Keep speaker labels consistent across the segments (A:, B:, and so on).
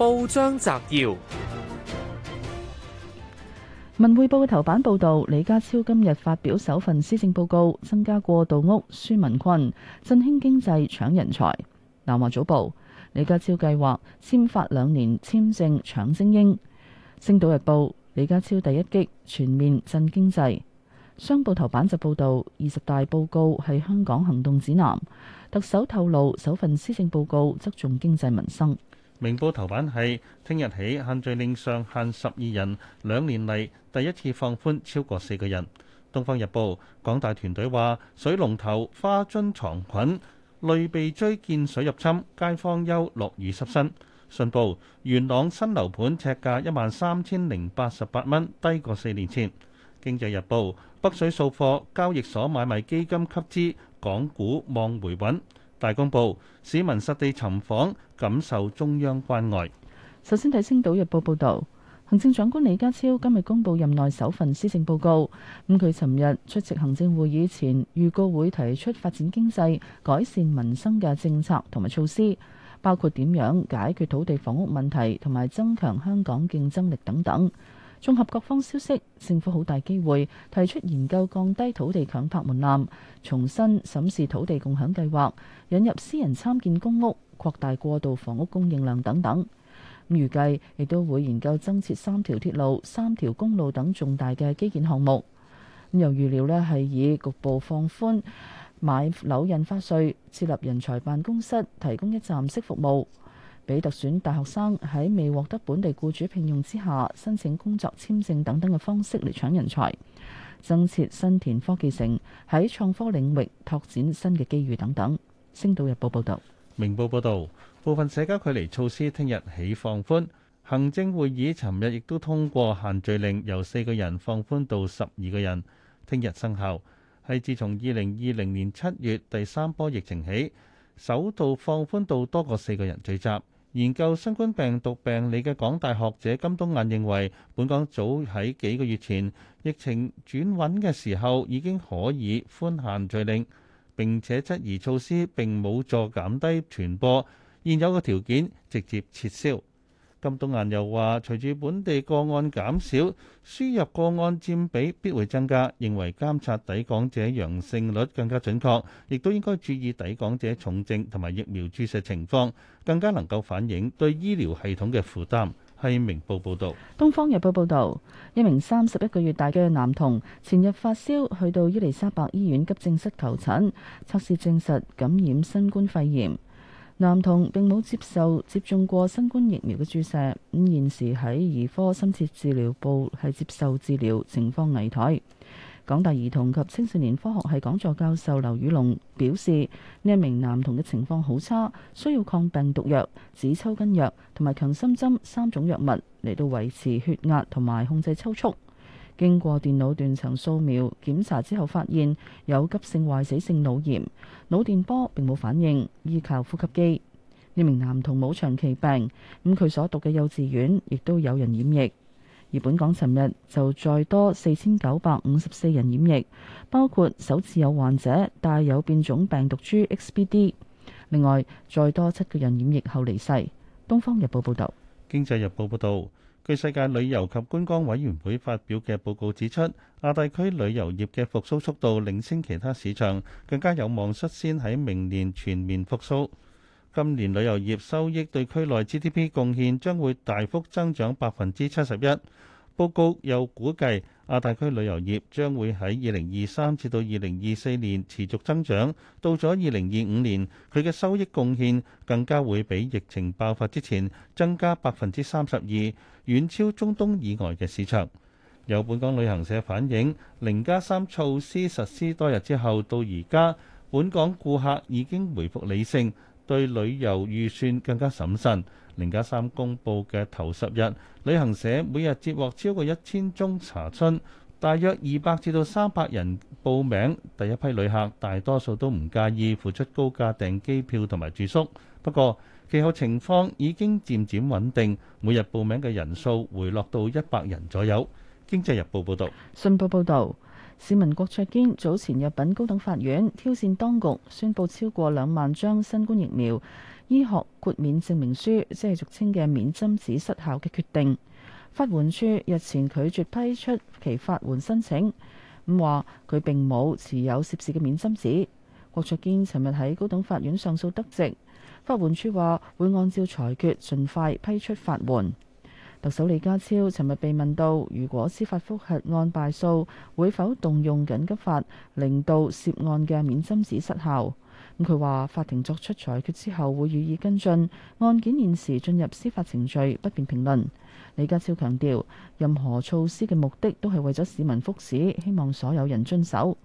A: 報章摘要：文匯報嘅頭版報道，李家超今日發表首份施政報告，增加過渡屋。舒文困振興經濟搶人才。南華早報：李家超計劃簽發兩年簽證搶精英。星島日報：李家超第一擊全面振經濟。商報頭版就報道，二十大報告係香港行動指南。特首透露首份施政報告側重經濟民生。
B: 明報頭版，係聽日起限聚令上限十二人，兩年嚟第一次放寬超過四個人。東方日報，港大團隊話水龍頭花樽藏菌，類鼻疽菌水入侵，街坊憂落雨濕身。信報，元朗新樓盤尺價一萬三千零八十八蚊，低過四年前。經濟日報，北水掃貨，交易所買賣基金吸資，港股望回穩。大公報，市民實地尋訪，感受中央關愛。
A: 首先睇《星島日報》報導，行政長官李家超今日公布任內首份施政報告。咁佢尋日出席行政會議前預告會提出發展經濟、改善民生嘅政策同埋措施，包括點樣解決土地房屋問題同埋增強香港競爭力等等。綜合各方消息，政府好大機會提出研究降低土地強拍門檻，重新審視土地共享計劃，引入私人參建公屋，擴大過渡房屋供應量等等。咁預計亦都會研究增設三條鐵路、三條公路等重大嘅基建項目。咁又預料呢係以局部放寬買樓印花稅，設立人才辦公室，提供一站式服務。俾特選大學生喺未獲得本地僱主聘用之下，申請工作簽證等等嘅方式嚟搶人才，增設新田科技城喺創科領域拓展新嘅機遇等等。星島日報報道，
B: 明報報道，部分社交距離措施聽日起放寬。行政會議尋日亦都通過限聚令，由四個人放寬到十二個人，聽日生效，係自從2020年七月第三波疫情起，首度放寬到多過四個人聚集。研究新冠病毒病理嘅港大學者金冬雁認為，本港早喺幾個月前疫情轉穩嘅時候，已經可以寬限聚令，並且質疑措施並冇助減低傳播，現有嘅條件直接撤銷。金冬燕又話：隨住本地個案減少，輸入個案佔比必會增加。認為監察抵港者陽性率更加準確，亦都應該注意抵港者重症同埋疫苗注射情況，更加能夠反映對醫療系統嘅負擔。係明報報導，
A: 《東方日報》報道：「一名三十一個月大嘅男童前日發燒，去到伊利沙伯醫院急症室求診，測試證實感染新冠肺炎。男童並冇接受接種過新冠疫苗嘅注射，咁現時喺兒科深切治療部係接受治療，情況危殆。港大兒童及青少年科學系講座教授劉宇龍表示，呢一名男童嘅情況好差，需要抗病毒藥、止抽筋藥同埋強心針三種藥物嚟到維持血壓同埋控制抽搐。經過電腦斷層掃描檢查之後，發現有急性壞死性腦炎，腦電波並冇反應，依靠呼吸機。呢名男童冇長期病，咁、嗯、佢所讀嘅幼稚園亦都有人染疫。而本港尋日就再多四千九百五十四人染疫，包括首次有患者帶有變種病毒株 XBD。另外，再多七個人染疫後離世。《東方日報》報道。《
B: 經濟日報》報道。據世界旅遊及觀光委員會發表嘅報告指出，亞太區旅遊業嘅復甦速度領先其他市場，更加有望率先喺明年全面復甦。今年旅遊業收益對區內 GDP 貢獻將會大幅增長百分之七十一。報告又估計亞太區旅遊業將會喺二零二三至到二零二四年持續增長，到咗二零二五年，佢嘅收益貢獻更加會比疫情爆發之前增加百分之三十二，遠超中東以外嘅市場。有本港旅行社反映，零加三措施實施多日之後，到而家，本港顧客已經回復理性，對旅遊預算更加審慎。零加三公布嘅頭十日，旅行社每日接獲超過一千宗查詢，大約二百至到三百人報名。第一批旅客大多數都唔介意付出高價訂機票同埋住宿。不過，其後情況已經漸漸穩定，每日報名嘅人數回落到一百人左右。經濟日報報道。
A: 信報報道，市民郭卓堅早前入禀高等法院挑戰當局，宣布超過兩萬張新冠疫苗醫學豁免證明書，即係俗稱嘅免針紙失效嘅決定。法援處日前拒絕批出其法援申請，咁話佢並冇持有涉事嘅免針紙。郭卓堅尋日喺高等法院上訴得直，法援處話會按照裁決盡快批出法援。特首李家超尋日被問到，如果司法覆核案敗訴，會否動用緊急法令到涉案嘅免針紙失效？佢話法庭作出裁決之後會予以跟進，案件現時進入司法程序，不便評論。李家超強調，任何措施嘅目的都係為咗市民福祉，希望所有人遵守。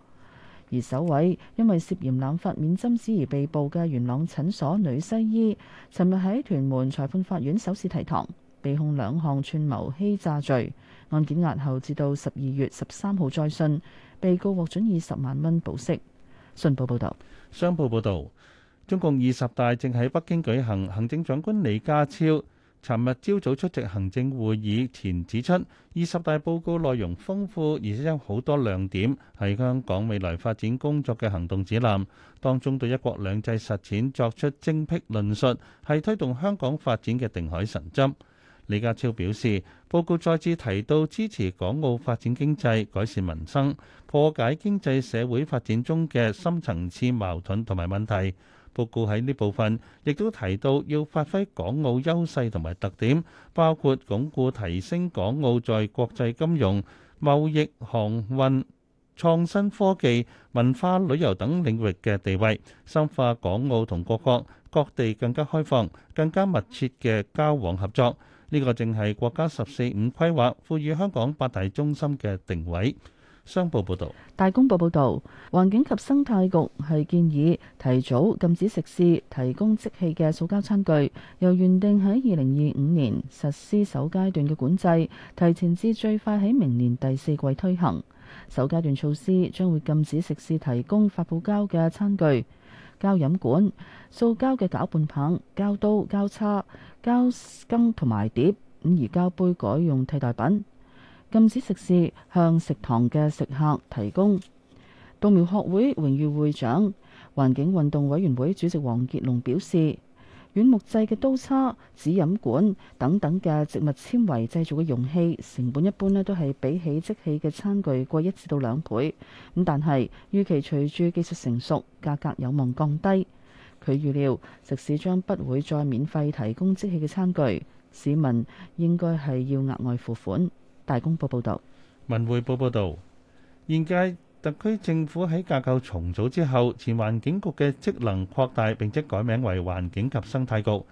A: 而首位因為涉嫌濫發免針紙而被捕嘅元朗診所女西醫，尋日喺屯門裁判法院首次提堂，被控兩項串謀欺詐罪，案件押後至到十二月十三號再訊，被告獲准以十萬蚊保釋。信報報導，
B: 商報報導，中共二十大正喺北京舉行。行政長官李家超尋日朝早出席行政會議前指出，二十大報告內容豐富，而且有好多亮點，係香港未來發展工作嘅行動指南。當中對一國兩制實踐作出精闢論述，係推動香港發展嘅定海神針。李家超表示，報告再次提到支持港澳發展經濟、改善民生、破解經濟社會發展中嘅深層次矛盾同埋問題。報告喺呢部分亦都提到要發揮港澳優勢同埋特點，包括鞏固提升港澳在國際金融、貿易、航運、創新科技、文化旅遊等領域嘅地位，深化港澳同各國。各地更加開放、更加密切嘅交往合作，呢、這個正係國家十四五規劃賦予香港八大中心嘅定位。商報報導，
A: 大公報報導，環境及生態局係建議提早禁止食肆提供即棄嘅塑膠餐具，由原定喺二零二五年實施首階段嘅管制，提前至最快喺明年第四季推行。首階段措施將會禁止食肆提供發泡膠嘅餐具。膠飲管、塑膠嘅攪拌棒、膠刀、膠叉、膠羹同埋碟，咁而膠杯改用替代品，禁止食肆向食堂嘅食客提供。稻苗學會榮譽會長、環境運動委員會主席黃傑龍表示。軟木製嘅刀叉、紙飲管等等嘅植物纖維製造嘅容器，成本一般咧都係比起即棄嘅餐具貴一至到兩倍。咁但係預期隨住技術成熟，價格有望降低。佢預料食肆將不會再免費提供即棄嘅餐具，市民應該係要額外付款。大公報報道，
B: 文匯報報道，現特區政府喺架構重組之後，前環境局嘅職能擴大，並即改名為環境及生態局，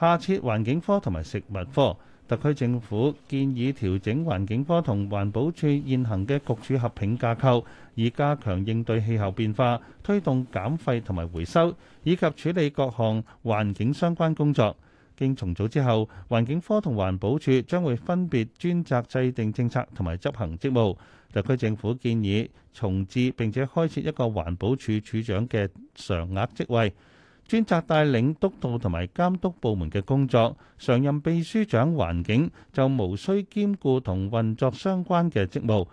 B: 下設環境科同埋食物科。特區政府建議調整環境科同環保署現行嘅局署合併架構，以加強應對氣候變化、推動減廢同埋回收，以及處理各項環境相關工作。經重組之後，環境科同環保署將會分別專責制定政策同埋執行職務。特區政府建議重置並且開設一個環保署署長嘅常額職位，專責帶領督導同埋監督部門嘅工作。常任秘書長環境就無需兼顧同運作相關嘅職務，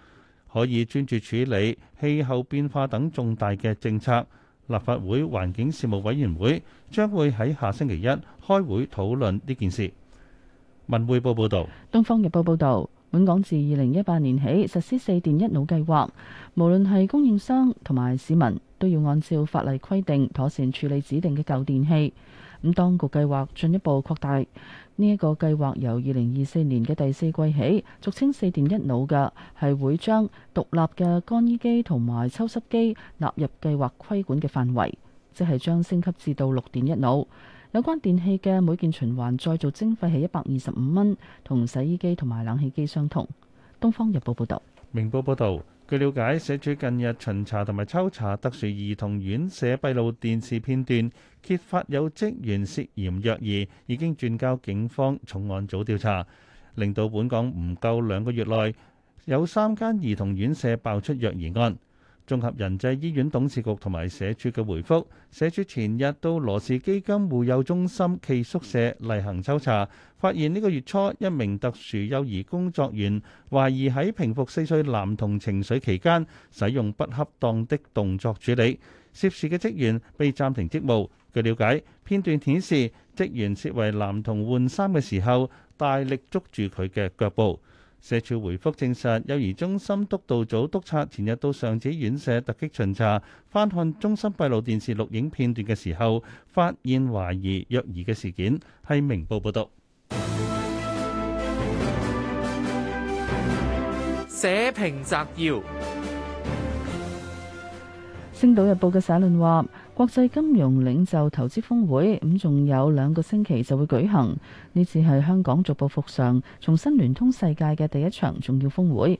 B: 可以專注處理氣候變化等重大嘅政策。立法會環境事務委員會將會喺下星期一開會討論呢件事。文匯報報導，
A: 《東方日報》報導。本港自二零一八年起實施四電一腦計劃，無論係供應商同埋市民都要按照法例規定妥善處理指定嘅舊電器。咁當局計劃進一步擴大呢一、這個計劃由二零二四年嘅第四季起，俗稱四電一腦嘅係會將獨立嘅乾衣機同埋抽濕機納入計劃規管嘅範圍，即係將升級至到六電一腦。有關電器嘅每件循環再造徵費係一百二十五蚊，同洗衣機同埋冷氣機相同。《東方日報》報導，
B: 《明報》報導。據了解，社署近日巡查同埋抽查特殊兒童院舍閉路電視片段，揭發有職員涉嫌虐兒，已經轉交警方重案組調查，令到本港唔夠兩個月內有三間兒童院舍爆出虐兒案。綜合仁濟醫院董事局同埋社署嘅回覆，社署前日到羅氏基金護幼中心暨宿舍例行抽查，發現呢個月初一名特殊幼兒工作員懷疑喺平復四歲男童情緒期間使用不恰當的動作處理，涉事嘅職員被暫停職務。據了解，片段顯示職員涉為男童換衫嘅時候大力捉住佢嘅腳部。社署回覆證實，幼兒中心督導組督察前日到上址院舍突擊巡查，翻看中心閉路電視錄影片段嘅時候，發現懷疑虐兒嘅事件。係明報報道。社評摘要，
A: 《星島日報》嘅社論話。國際金融領袖投資峰會咁，仲有兩個星期就會舉行。呢次係香港逐步復常、重新聯通世界嘅第一場重要峰會。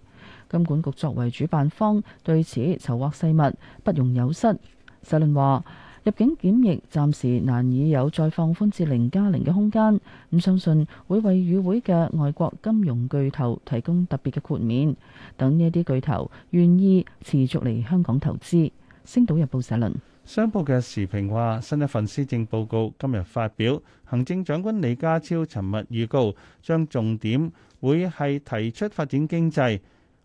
A: 金管局作為主辦方，對此籌劃細密，不容有失。社論話：入境檢疫暫時難以有再放寬至零加零嘅空間，咁相信會為與會嘅外國金融巨頭提供特別嘅豁免，等呢啲巨頭願意持續嚟香港投資。星島日報社論。商報嘅時評話：新一
B: 份施政報告今日發表，行政長官李家超尋日預告，將重點會係提出發展經濟、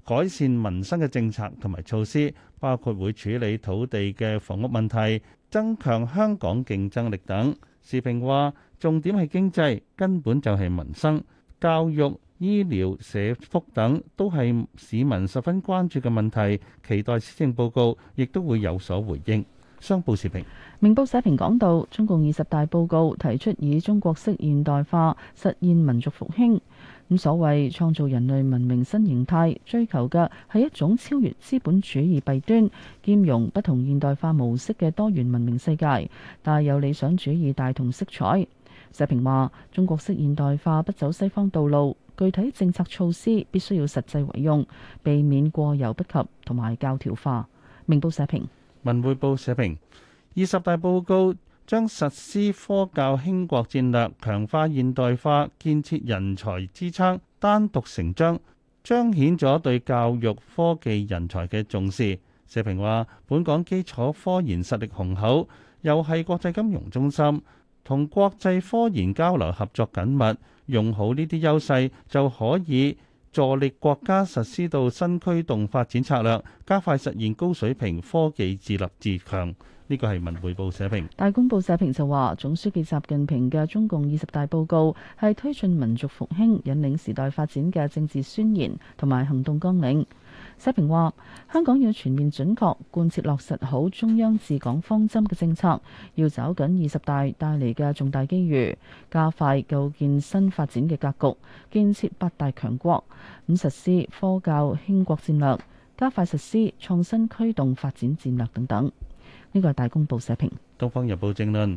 B: 改善民生嘅政策同埋措施，包括會處理土地嘅房屋問題、增強香港競爭力等。時評話：重點係經濟，根本就係民生、教育、醫療、社福等都係市民十分關注嘅問題，期待施政報告亦都會有所回應。商報社評。
A: 明報社評講到，中共二十大報告提出以中國式現代化實現民族復興，咁所謂創造人類文明新形態，追求嘅係一種超越資本主義弊端、兼容不同現代化模式嘅多元文明世界，帶有理想主義大同色彩。社評話，中國式現代化不走西方道路，具體政策措施必須要實際為用，避免過猶不及同埋教條化。明報社評。
B: 文匯報社評：二十大報告將實施科教興國戰略，強化現代化建設人才支撐，單獨成章，彰顯咗對教育科技人才嘅重視。社評話：本港基礎科研實力雄厚，又係國際金融中心，同國際科研交流合作緊密，用好呢啲優勢就可以。助力國家實施到新驅動發展策略，加快實現高水平科技自立自強。呢個係文匯報社評。
A: 大公報社評就話，總書記習近平嘅中共二十大報告係推進民族復興、引領時代發展嘅政治宣言同埋行動綱領。社評話：香港要全面準確貫徹落實好中央治港方針嘅政策，要抓緊二十大帶嚟嘅重大機遇，加快構建新發展嘅格局，建設八大強國，咁實施科教興國戰略，加快實施創新驅動發展戰略等等。呢個係大公報社評，
B: 《東方日報》政論。